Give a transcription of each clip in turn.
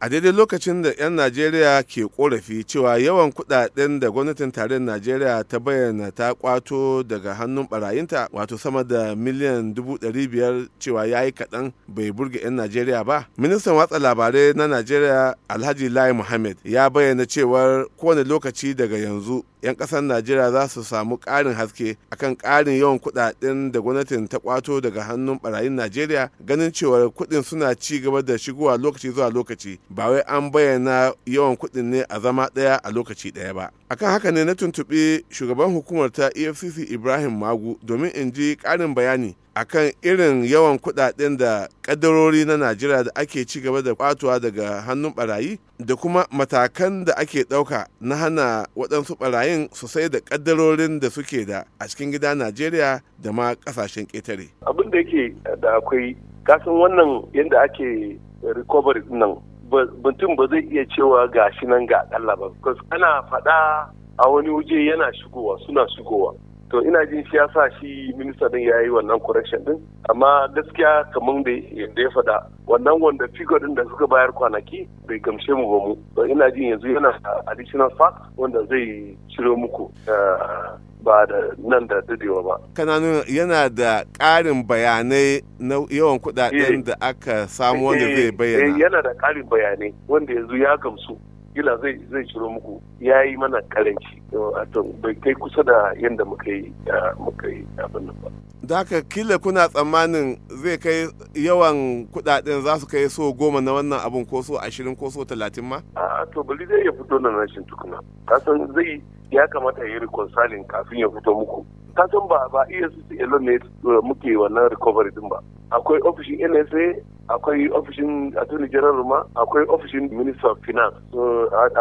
a daidai lokacin da 'yan najeriya ke korafi cewa yawan kudaden da gwamnatin tarayyar najeriya ta bayyana ta kwato daga hannun barayinta wato sama da miliyan 500 cewa ya yi kaɗan bai burge 'yan najeriya ba ministan watsa labarai na najeriya alhaji lai muhammad ya bayyana cewar kowane lokaci daga yanzu 'yan ƙasar najeriya za su samu ƙarin haske akan ƙarin yawan kudaden da gwamnatin ta kwato daga hannun barayin najeriya ganin cewar kuɗin suna ci gaba da shigowa lokaci zuwa lokaci ba wai an bayyana yawan kuɗin ne a zama ɗaya a lokaci ɗaya ba akan haka ne na tuntuɓi shugaban hukumar ta efcc ibrahim magu domin in ji ƙarin bayani akan irin yawan kuɗaɗen da ƙaddarori na najeriya da ake ci gaba da ƙwatuwa daga hannun barayi da kuma matakan da ake ɗauka na hana waɗansu barayin su sai da ƙaddarorin da suke da a cikin gida najeriya da ma ƙasashen ƙetare abin da yake da akwai kasan wannan yadda ake recovery nan mutum ba zai iya cewa ga shi nan ga akalla ba ana faɗa a wani waje yana shigowa suna shigowa to ina jin shi ya sa shi minista din ya yi wannan correction din amma gaskiya kamar da yadda ya faɗa wannan wanda figure din da suka bayar kwanaki bai gamshe mu ba mu to ina jin yanzu yana additional fact wanda zai ciro muku eh, ba da nan da dadewa ba. Kananun yana da ƙarin bayanai na yawan kuɗaɗen eh. da aka samu wanda eh, zai bayyana. Yana da ƙarin bayanai wanda yanzu ya gamsu kila zai zai ciro muku ya yi mana karanci wato bai kai kusa da yadda muka yi muka abin nan ba da haka kila kuna tsammanin zai kai yawan kudaden za su kai so goma na wannan abun ko so ashirin ko so talatin ma a to bali zai ya fito nan rashin tukuna kasan zai ya kamata ya yi reconciling kafin ya fito muku kasan ba ba iya e su elon ne muke wannan recovery din ba akwai ofishin nsa akwai ofishin attorney general ma akwai ofishin minister of finance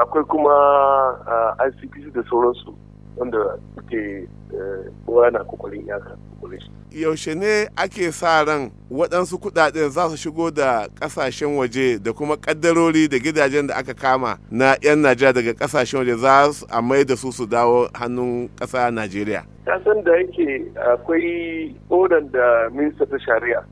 akwai kuma icpc da sauransu wanda suke eh, kowa na kokarin yaka shi. yaushe ne ake sa ran waɗansu kuɗaɗen za su shigo da ƙasashen waje da kuma ƙaddarori da gidajen da aka kama na 'yan najeriya daga ƙasashen waje za su a mai da su su dawo hannun ƙasa najeriya san da yake akwai odan da minista ta shari'a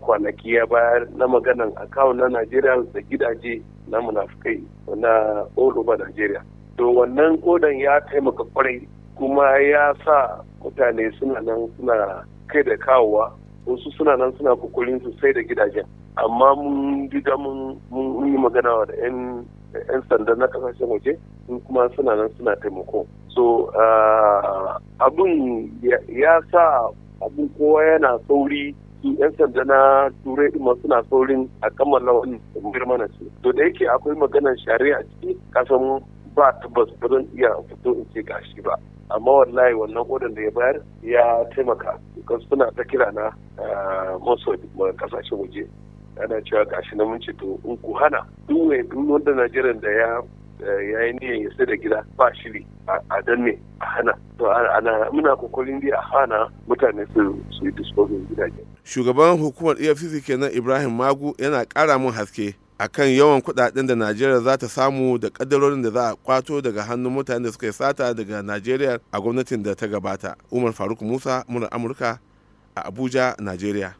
kwanaki ya bayar na maganan akawun na najeriya da gidaje na munafukai na Oluba najeriya to wannan kodan ya taimaka kwarai kuma ya sa mutane suna nan suna kai da kawowa wasu suna nan suna kukurin su sai da gidajen amma mun gida mun yi magana da 'yan sanda na kasashen waje kuma suna nan suna taimako so ah, abin ya sa abin kowa yana sauri su 'yan sanda na turai ɗin suna saurin a kammala wani tambayar mana su to da yake akwai maganar shari'a ciki kasan ba tabbas ba zan iya fito in ce gashi ba amma wallahi wannan odin da ya bayar ya taimaka because suna ta kira na eh, maso kasashen waje ana cewa gashi na mun to in ku hana duk wanda najeriya da ya eh, ya yi niyan ya da gida ba shiri a danne a hana to ana muna kokarin dai a hana mutane su su yi disposal gidaje shugaban hukumar efcc kenan ibrahim magu yana kara mun haske akan yawan kudaden da najeriya za ta samu da kadarorin da za a kwato daga hannun mutanen da suka yi sata daga najeriya a gwamnatin da ta gabata umar faruk musa murar amurka a abuja najeriya